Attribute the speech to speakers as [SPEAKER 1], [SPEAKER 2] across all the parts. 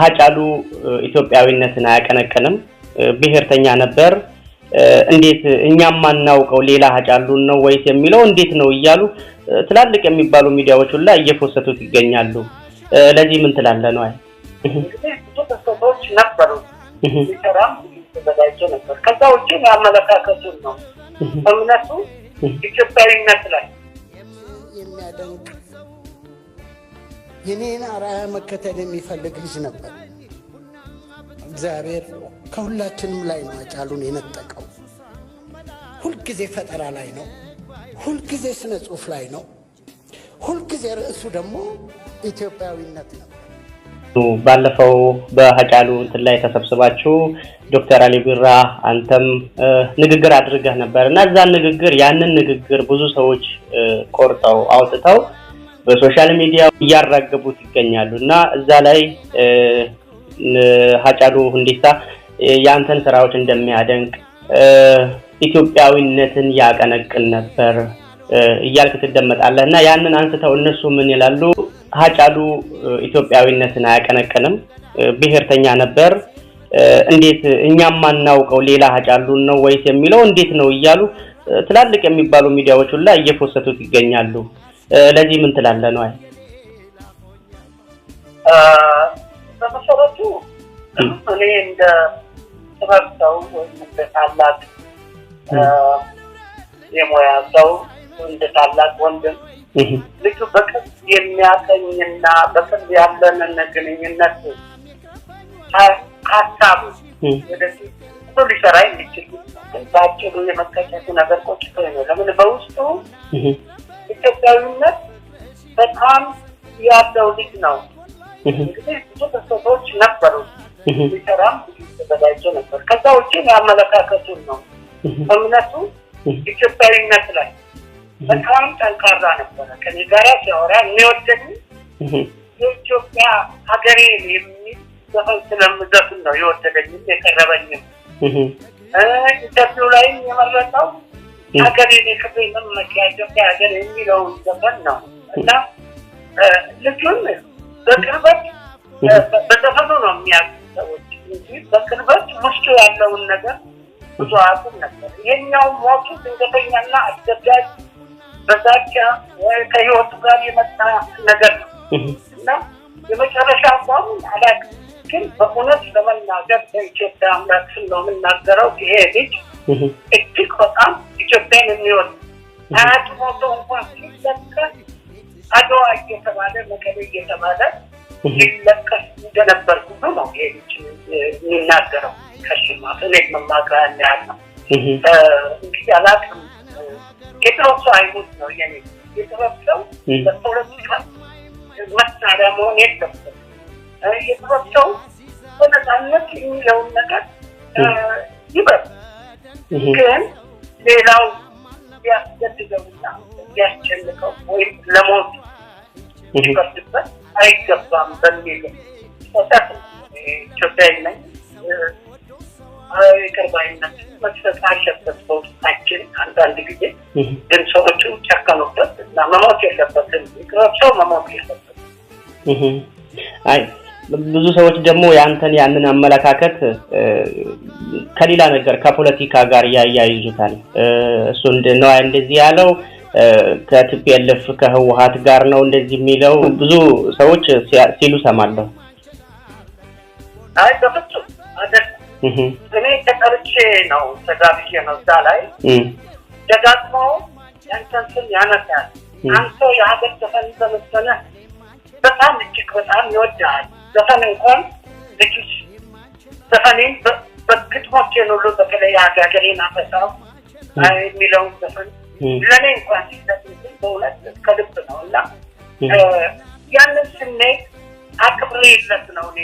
[SPEAKER 1] ሀጫሉ ኢትዮጵያዊነትን አያቀነቅንም። ብሔርተኛ ነበር። እንዴት እኛም ማናውቀው ሌላ ሀጫሉን ነው ወይስ የሚለው እንዴት ነው እያሉ ትላልቅ የሚባሉ ሚዲያዎች ሁላ እየፎሰቱት ይገኛሉ። ለዚህ ምን ትላለ ነው? አይ
[SPEAKER 2] ነበሩ ነበር። ከዛ ውጭ ነው እምነቱ ኢትዮጵያዊነት ላይ የሚያደንቅ የኔን አርአያ መከተል የሚፈልግ ልጅ ነበር። እግዚአብሔር ከሁላችንም ላይ ነው አጫሉን የነጠቀው። ሁልጊዜ ፈጠራ ላይ ነው፣ ሁልጊዜ ስነ ጽሁፍ ላይ ነው፣ ሁልጊዜ ርዕሱ ደግሞ ኢትዮጵያዊነት ነው።
[SPEAKER 1] ባለፈው በሀጫሉ እንትን ላይ ተሰብስባችሁ ዶክተር አሊ ቢራ አንተም ንግግር አድርገህ ነበር እና እዛን ንግግር ያንን ንግግር ብዙ ሰዎች ቆርጠው አውጥተው በሶሻል ሚዲያ እያራገቡት ይገኛሉ እና እዛ ላይ ሀጫሉ ሁንዴሳ የአንተን ስራዎች እንደሚያደንቅ ኢትዮጵያዊነትን ያቀነቅን ነበር እያልክ ትደመጣለህ እና ያንን አንስተው እነሱ ምን ይላሉ? ሀጫሉ ኢትዮጵያዊነትን አያቀነቅንም፣ ብሔርተኛ ነበር። እንዴት እኛም ማናውቀው ሌላ ሀጫሉን ነው ወይስ የሚለው እንዴት ነው እያሉ ትላልቅ የሚባሉ ሚዲያዎች ሁላ እየፎሰቱት ይገኛሉ። ለዚህ ምን ትላለህ? ነው አይ
[SPEAKER 2] በመሰረቱ እኔ እንደ ጥበብ ሰው ወይም እንደ ታላቅ የሙያ ሰው እንደ ታላቅ ወንድም ልጁ በቅርብ የሚያቀኝና በቅርብ ያለንን ግንኙነት ሀሳብ ወደፊት ሊሰራ የሚችል ባጭሩ የመከቸቱ ነገር ቆጭቶ ነው። ለምን በውስጡ ኢትዮጵያዊነት በጣም ያለው ልጅ ነው። እንግዲህ ብዙ ክስተቶች ነበሩ። ሊሰራም ተዘጋጀ ነበር። ከዛ ውጭ የአመለካከቱን ነው እምነቱ ኢትዮጵያዊነት ላይ በጣም ጠንካራ ነበረ። ከኔ ጋራ ሲያወራ የሚወደኝ የኢትዮጵያ ሀገሬ የሚል ዘፈን ስለምዘፍን ነው የወደደኝም የቀረበኝም ኢንተርቪው ላይም የመረጠው ሀገር የኔ ክብሬ መመኪያ ኢትዮጵያ ሀገር የሚለው ዘፈን ነው እና ልጁን በቅርበት በዘፈኑ ነው የሚያውቁ ሰዎች እንጂ በቅርበት ውስጡ ያለውን ነገር ብዙ አያውቁም ነበር። የኛው ሞቱ ድንገተኛና አስገዳጅ በዛቻ ከህይወቱ ጋር የመጣ ነገር ነው እና የመጨረሻ እንኳን አላውቅም፣ ግን በእውነት ለመናገር በኢትዮጵያ አምላክ ስም ነው የምናገረው ይሄ ልጅ እጅግ በጣም ኢትዮጵያን የሚወድ አድዋ እየተባለ መቀሌ እየተባለ ሊለቀስ እንደነበር ሁሉ ነው ይሄ ልጅ ሌላው ሊያስገድደውና ሊያስጨንቀው ወይም ለሞት ሊቀስበት አይገባም በሚል ጸጸት ኢትዮጵያዊ ነኝ አለበት በውስጣችን። አንዳንድ ጊዜ ግን ሰዎቹ ጨከኑበት እና መሞት የለበትም ሰው መሞት የለበትም።
[SPEAKER 1] አይ ብዙ ሰዎች ደግሞ ያንተን ያንን አመለካከት ከሌላ ነገር ከፖለቲካ ጋር ያያይዙታል። እሱ ነው እንደዚህ ያለው ከትፒልፍ ከህወሀት ጋር ነው እንደዚህ የሚለው ብዙ ሰዎች ሲሉ ሰማለሁ።
[SPEAKER 2] አይ በፍጹ እኔ ተጠርቼ ነው ተጋብዬ ነው እዛ ላይ ደጋግሞ ያንተንስን ስም ያነሳል። አንተ የሀገር ዘፈን በመሰለ በጣም እጅግ በጣም ይወዳል ዘፈን እንኳን ልጅ ዘፈኔን በግጥሞቼን ሁሉ በተለይ አጋገሬ ናፈሳው የሚለውን ዘፈን ለእኔ እንኳን ሲለት በእውነት ከልብ ነው እና ያንን ስሜት አክብሬለት ነው እኔ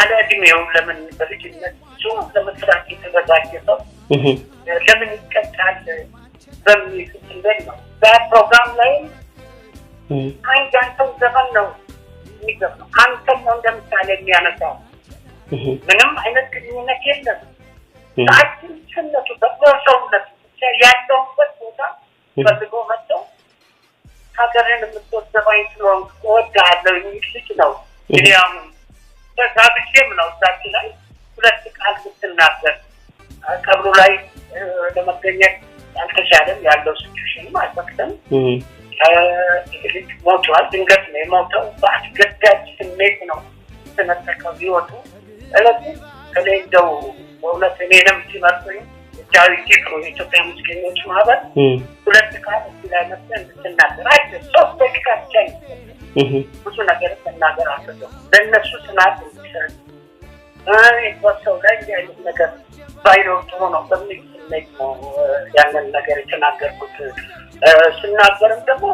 [SPEAKER 2] አለ እድሜው ለምን በልጅነት ብዙ ለመስራት የተዘጋጀ ሰው ለምን ይቀጣል በሚል ስሜት ነው። በፕሮግራም ላይም አንድ አንተው ዘፈን ነው የሚገብ ነው እንደምሳሌ የሚያነሳው ምንም አይነት ግንኙነት የለም። ጣችን ስነቱ ደግሞ ሰውነቱ ብቻ ያለውበት ቦታ ፈልጎ መጥተው ሀገርን የምትወደባኝ ስለሆን እወድሃለሁ የሚል ልጅ ነው። እኔ አሁን በዛ ብቼም ነው እዛች ላይ ሁለት ቃል ምትናገር ቀብሩ ላይ ለመገኘት አልተቻለም። ያለው ሲቹዌሽንም አልፈቅድም። ልጅ ሞቷል። ድንገት ነው የሞተው። በአስገዳጅ ስሜት ነው ተነጠቀው ህይወቱ እለት እኔ እንደው በእውነት እኔንም ሲመርጡኝ ብቻዊ ሴትሮ የኢትዮጵያ ሙስሊሞች ማህበር ሁለት ቃል ላይ መስ እንድትናገር አይ ሶስት ደቂቃ ብቻ ብዙ ነገር ስናገር አለሁ ለእነሱ ስናት ሰው ላይ እንዲህ አይነት ነገር ባይኖር ጥሩ ነው በሚል ስሜት ነው ያንን ነገር የተናገርኩት። ስናገርም ደግሞ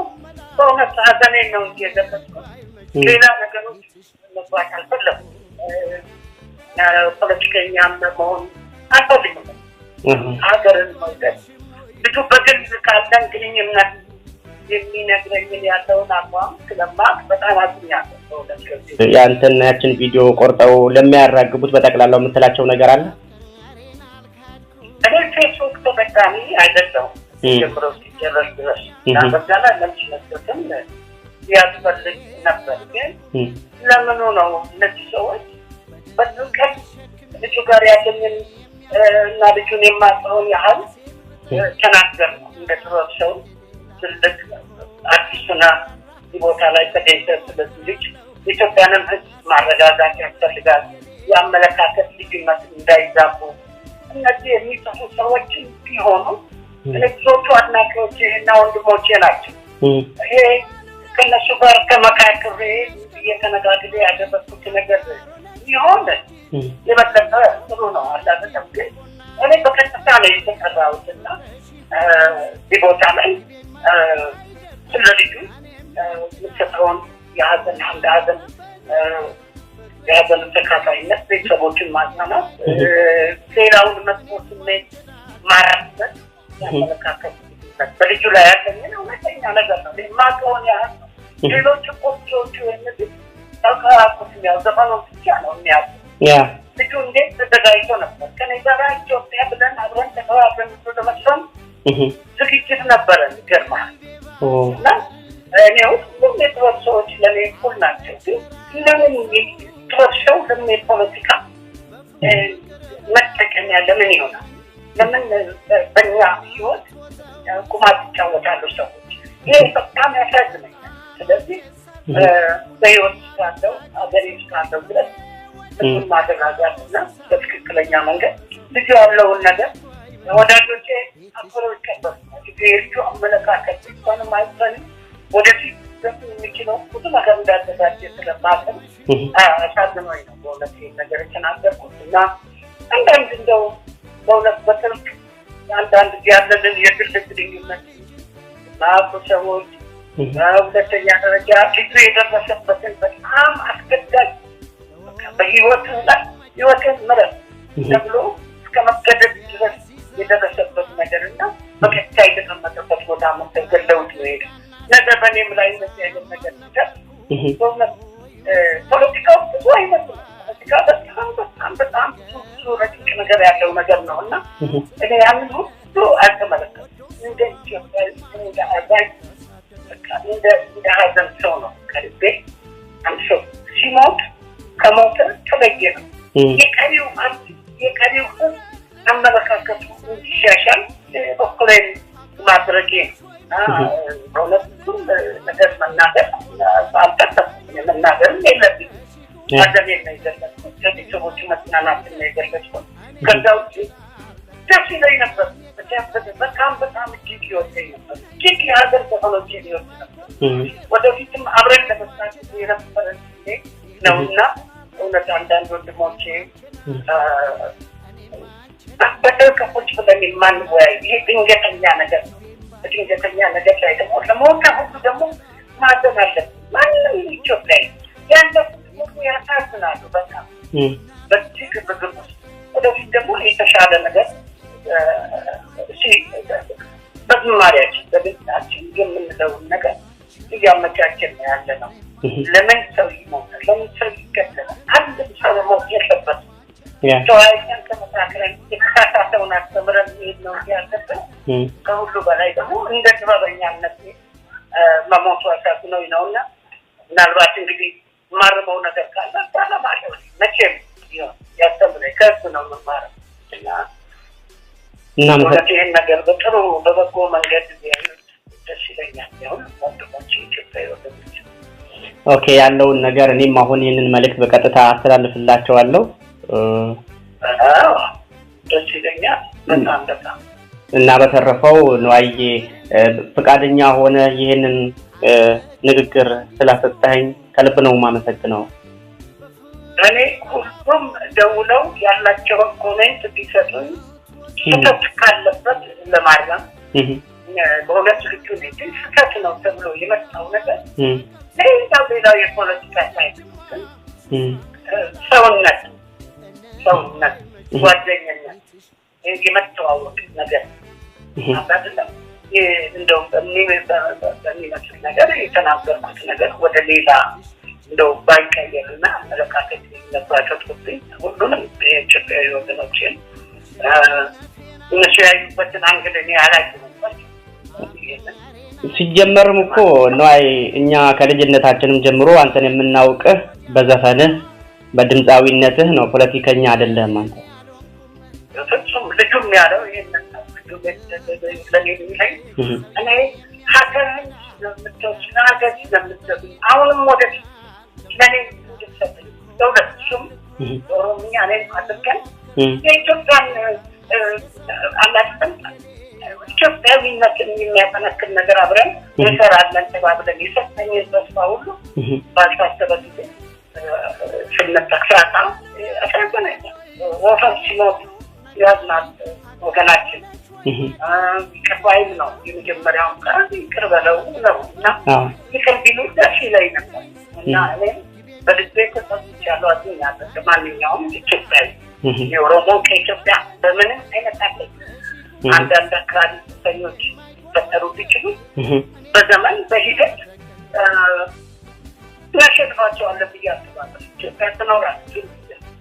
[SPEAKER 2] በእውነት ሀዘኔን ነው እንጂ የገለጽኩት ሌላ ነገሮች መግባት አልፈለኩም። ፖለቲከኛም መሆን አልፈልግ ሀገርን መውደድ ብዙ በግል ካለን ግንኙነት የሚነግረኝን ያለውን አቋም ስለማቅ በጣም አዝኛለሁ።
[SPEAKER 1] ያንተና ያችን ቪዲዮ ቆርጠው ለሚያራግቡት በጠቅላላው የምትላቸው ነገር አለ?
[SPEAKER 2] እኔ ፌስቡክ ተጠቃሚ አይደለሁም ጀምሮ ሲጨረስ ድረስ እና በዛ ላይ ለምስመስበትም ያስፈልግ ነበር። ግን ለምኑ ነው እነዚህ ሰዎች በዚህም ቀን ልጁ ጋር ያለኝን እና ልጁን የማጠውን ያህል ተናገር ነው። እንደ ጥበብ ሰው ትልቅ አዲሱና ቦታ ላይ ተገኝተ ስለዚህ ልጅ ኢትዮጵያንም ሕዝብ ማረጋጋት ያስፈልጋል። የአመለካከት ልዩነት እንዳይዛቡ እነዚህ የሚጽፉ ሰዎችን ቢሆኑ ብዙዎቹ አድናቂዎች ይህና ወንድሞቼ ናቸው። ይሄ ከነሱ ጋር ከመካከሬ እየተነጋግሬ ያደረግኩት ነገር ሲሆን የበለጠ ጥሩ ነው። አላበለም ግን እኔ በቀጥታ ነው የተሰራሁት እና ቦታ ላይ ስለ ልጁ የምትሰጠውን የሀዘን አንድ ሀዘን የሀዘን ተካፋይነት ቤተሰቦችን ማጽናናት፣ ሌላውን መጥፎ ስሜት ማራበት ያመለካከት በልጁ ላይ ያገኘን እውነተኛ ነገር ነው። ማቀውን ያህል ሌሎች ኮፒዎቹ ወይ ተንከራኩ የሚያው ዘፈኑን ብቻ ነው የሚያውቁ። ልጁ እንዴት ተዘጋጅቶ ነበር? ከኔ ጋር ኢትዮጵያ ብለን አብረን ተከባብረን እሱ ለመስፈን ዝግጅት ነበረ ገርማ እና እኔ ሁሉም የጥበብ ሰዎች ለኔ እኩል ናቸው። ግን ለምን የጥበብ ሰው ለምን የፖለቲካ መጠቀሚያ ለምን ይሆናል? ለምን በኛ ህይወት ቁማት ይጫወታሉ ሰዎች? ይህ በጣም ያሳዝነኛል። ስለዚህ በህይወት ስላለው አገሬ ስላለው ብለን እሱን እና በትክክለኛ መንገድ ልጅ ያለውን ነገር ወዳጆቼ አብሮ ይቀበሉ። ልጁ አመለካከት ሆንም ወደፊት የሚችለው ብዙ ነገር እንዳዘጋጀ አሳዝኖኝ ነው በእውነት ነገር የተናገርኩት እና አንዳንድ እንደው በእውነት አንዳንድ ያለንን የግል ግንኙነት ማያውቁ ሰዎች በሁለተኛ ደረጃ ልጁ የደረሰበትን በጣም አስገዳጅ በህይወትን ላይ ህይወትን ምረጥ ተብሎ እስከ መገደድ ድረስ የደረሰበት ነገር እና በቀጥታ የተቀመጠበት ቦታ መሰገድ ለውጥ ነው ነገ በእኔም ላይ እንደዚህ አይነት ነገር ሲደርስ በእውነት ፖለቲካው ብዙ አይመስልም። ፖለቲካ በጣም በጣም በጣም ብዙ ረቂቅ ነገር ያለው ነገር ነው እና እኔ ያንን ሁሉ አልተመለከትኩም እንደ ኢትዮጵያ እንደ አዛኝ እንደ ሀዘን ሰው ነው ከልቤ አምሶ ሲሞት ከሞተ ተለየ ነው። የቀሪው የቀሪው ህዝብ አመለካከቱ እንዲሻሻል በኩሌን ማድረጌ ነው። በሁለቱም ነገር መናገር አልጠጠኩም። መናገርም የለብኝ ሀዘኔን ነው የገለጽኩት። ከቤተሰቦቹ መጽናናትን ነው ከዛ ውጭ ደስ ይለኝ ነበር በጣም በጣም ህይወት ነበር። ልክ የሀገር ዘፈኖች ህይወት ነበር። ወደፊትም አብረን ለመስራት የነበረ ጊዜ ነው እና እውነት አንዳንድ ወንድሞቼ በደርቀፎች ብለን የማንወያይ ይሄ ድንገተኛ ነገር ነው። በድንገተኛ ነገር ላይ ደግሞ ለመወጣ ሁሉ ደግሞ ማዘን አለብን። ማንም ኢትዮጵያዊ ያለፉት ሁሉ ያሳዝናሉ። በቃ በዚህ ግብግብ ውስጥ ወደፊት ደግሞ የተሻለ ነገር በዝማሪያችን በድምጻችን የምንለውን ነገር እያመቻችን ነው ያለ ነው። ለምን ሰው ይሞታል? ለምን ሰው ይገደላል? አንድም ሰው መሞት የለበት ተወያይተን ተመካክረን የተሳሳተውን አስተምረን ሄድ ነው ያለብን። ከሁሉ በላይ ደግሞ እንደ ጥበበኛነት መሞቱ አሳዝኖኝ ነው እና ምናልባት እንግዲህ ማርመው ነገር ካለ ባለማለ መቼም ያስተምረ ከሱ ነው የምማረው እና እውነት ይህን ነገር በጥሩ በበጎ መንገድ
[SPEAKER 1] ኦኬ ያለውን ነገር እኔም አሁን ይህንን መልእክት በቀጥታ አስተላልፍላቸዋለሁ።
[SPEAKER 2] ደስ ይለኛል
[SPEAKER 1] እና በተረፈው ነዋዬ ፈቃደኛ ሆነ ይህንን ንግግር ስላሰጠኝ ከልብ ነው የማመሰግነው።
[SPEAKER 2] እኔ ሁሉም ደውለው ያላቸውን ኮሜንት ቢሰጡኝ ስህተት ካለበት ለማረም በሁለቱ ልጁ ልጅ ስህተት ነው ተብሎ የመጣው ነገር ሌላ ሌላ የፖለቲካ ሳይንስን ሰውነት ሰውነት ጓደኝነት የመተዋወቅ ነገር አባትለም እንደውም በሚመስል ነገር የተናገርኩት ነገር ወደ ሌላ እንደው ባይቀየር ና አመለካከት የሚነባቸው ሁሉንም የኢትዮጵያዊ ወገኖችን እነሱ ያዩበትን አንግል እኔ
[SPEAKER 1] ሲጀመርም እኮ ነዋይ እኛ ከልጅነታችንም ጀምሮ አንተን የምናውቅህ በዘፈንህ በድምፃዊነትህ ነው። ፖለቲከኛ አይደለህም አንተ።
[SPEAKER 2] ፍጹም ልጁም ያለው ይሄንን እኔ ሀገር አሁንም ወደፊት ለእኔ ኦሮምኛ አድርገን የኢትዮጵያን አላስጠም ኢትዮጵያዊነትን የሚያጠነክር ነገር አብረን እንሰራለን ተባብለን ተስፋ ሁሉ ባልታሰበ ጊዜ ስነጠቅ ሲሞት ያዝናል ወገናችን ነው የመጀመሪያውን ቀን ይቅር በለው ነው እና ይቅር ቢሉ ደስ ይለኝ ነበር እና እኔም በልቤ አዝኛለሁ። ማንኛውም ኢትዮጵያዊ የኦሮሞ ከኢትዮጵያ በምንም አይነት አለ አንዳንድ አክራሪ ሰኞች ፈጠሩ ቢችሉ በዘመን በሂደት ያሸንፋቸዋለ ብዬ አስባለሁ። ኢትዮጵያ ትኖራለች።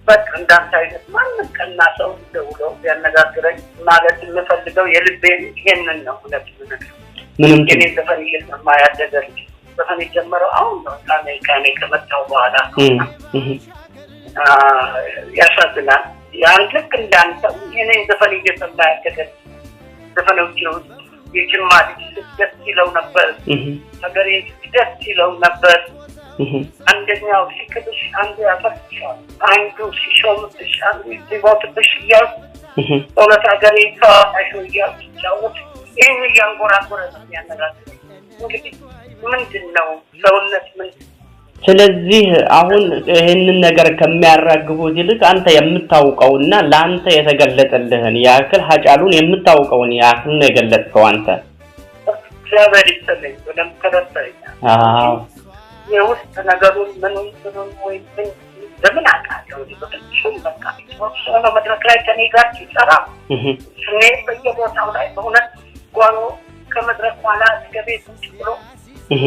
[SPEAKER 2] በቃ እንዳንተ አይነት ማንም ቀና ሰው ደውለው ያነጋግረኝ ማለት የምፈልገው የልቤን ይሄንን ነው። ሁለት ምነግር ምንም እኔ ዘፈን እየሰማ ያደገ ልጅ ዘፈን የጀመረው አሁን ነው አሜሪካ ከመጣው በኋላ ያሳዝናል። ያን ልክ እንዳንተው የኔ ዘፈን እየሰማ ያደገል ዘፈኖች ነው። የጅማ ልጅ ደስ ይለው ነበር፣ ሀገሬ ደስ ይለው ነበር። አንደኛው ሲክብሽ፣ አንዱ ያፈስሻል፣ አንዱ ሲሾምብሽ፣ አንዱ ሲሞትብሽ እያሉ እውነት ሀገሬ ተዋታሽ እያሉ ሲጫወት ይህን እያንጎራጎረ ያነጋግረኝ እንግዲህ ምንድን ነው ሰውነት ምንድን
[SPEAKER 1] ስለዚህ አሁን ይህንን ነገር ከሚያራግቡት ይልቅ አንተ የምታውቀውና ለአንተ የተገለጠልህን ያክል ሀጫሉን የምታውቀውን ያክል ነው የገለጥከው። አንተ
[SPEAKER 2] የውስጥ ነገሩን ምን ለምን አውቃለሁ ሆነ መድረክ ላይ ከኔ ጋር ሲሰራ ስሜ በየቦታው ላይ በእውነት ጓሮ ከመድረክ በኋላ እስከ ውጭ ብሎ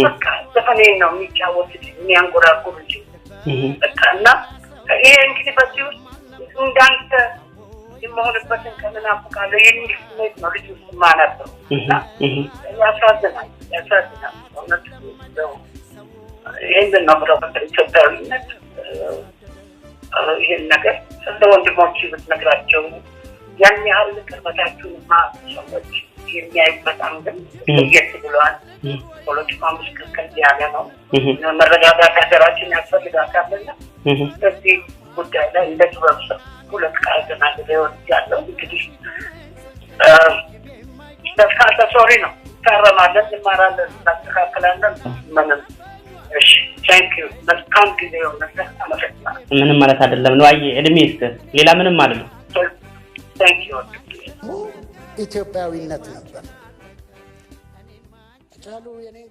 [SPEAKER 2] በቃ ዘፈኔን ነው የሚጫወትል የሚያንጎራጉርል በቃ እና ይሄ እንግዲህ በዚህ ውስጥ እንዳንተ የመሆንበትን ከምናፍቃለሁ የሚል ስሜት ነው ልጅ ውስጥ ማነበው ያሳዝናል፣ ያሳዝናል። እውነት ይህንን ነው ብለው ኢትዮጵያዊነት ይህን ነገር እንደ ወንድሞች ብትነግራቸው ያን ያህል ቅርበታችሁንማ ሰዎች የሚያዩበት አንግል እየት ብለዋል። ፖለቲካ ምስክክል ያለ ነው። መረጋጋት ሀገራችን ያስፈልጋታልና በዚህ ጉዳይ ላይ እንደ ጥበብ ሰው ሁለት ቃል ተናግሬ እንግዲህ ነው። ታረማለን፣ እንማራለን፣ እናስተካክላለን። ምንም እሺ፣ ቴንክ ዩ መልካም ጊዜ አመሰግናለሁ።
[SPEAKER 1] ምንም ማለት አይደለም ነው። አይ እድሜ ስጥ፣ ሌላ ምንም ማለት ነው።
[SPEAKER 2] ኢትዮጵያዊነት ነበር salud bienvenido.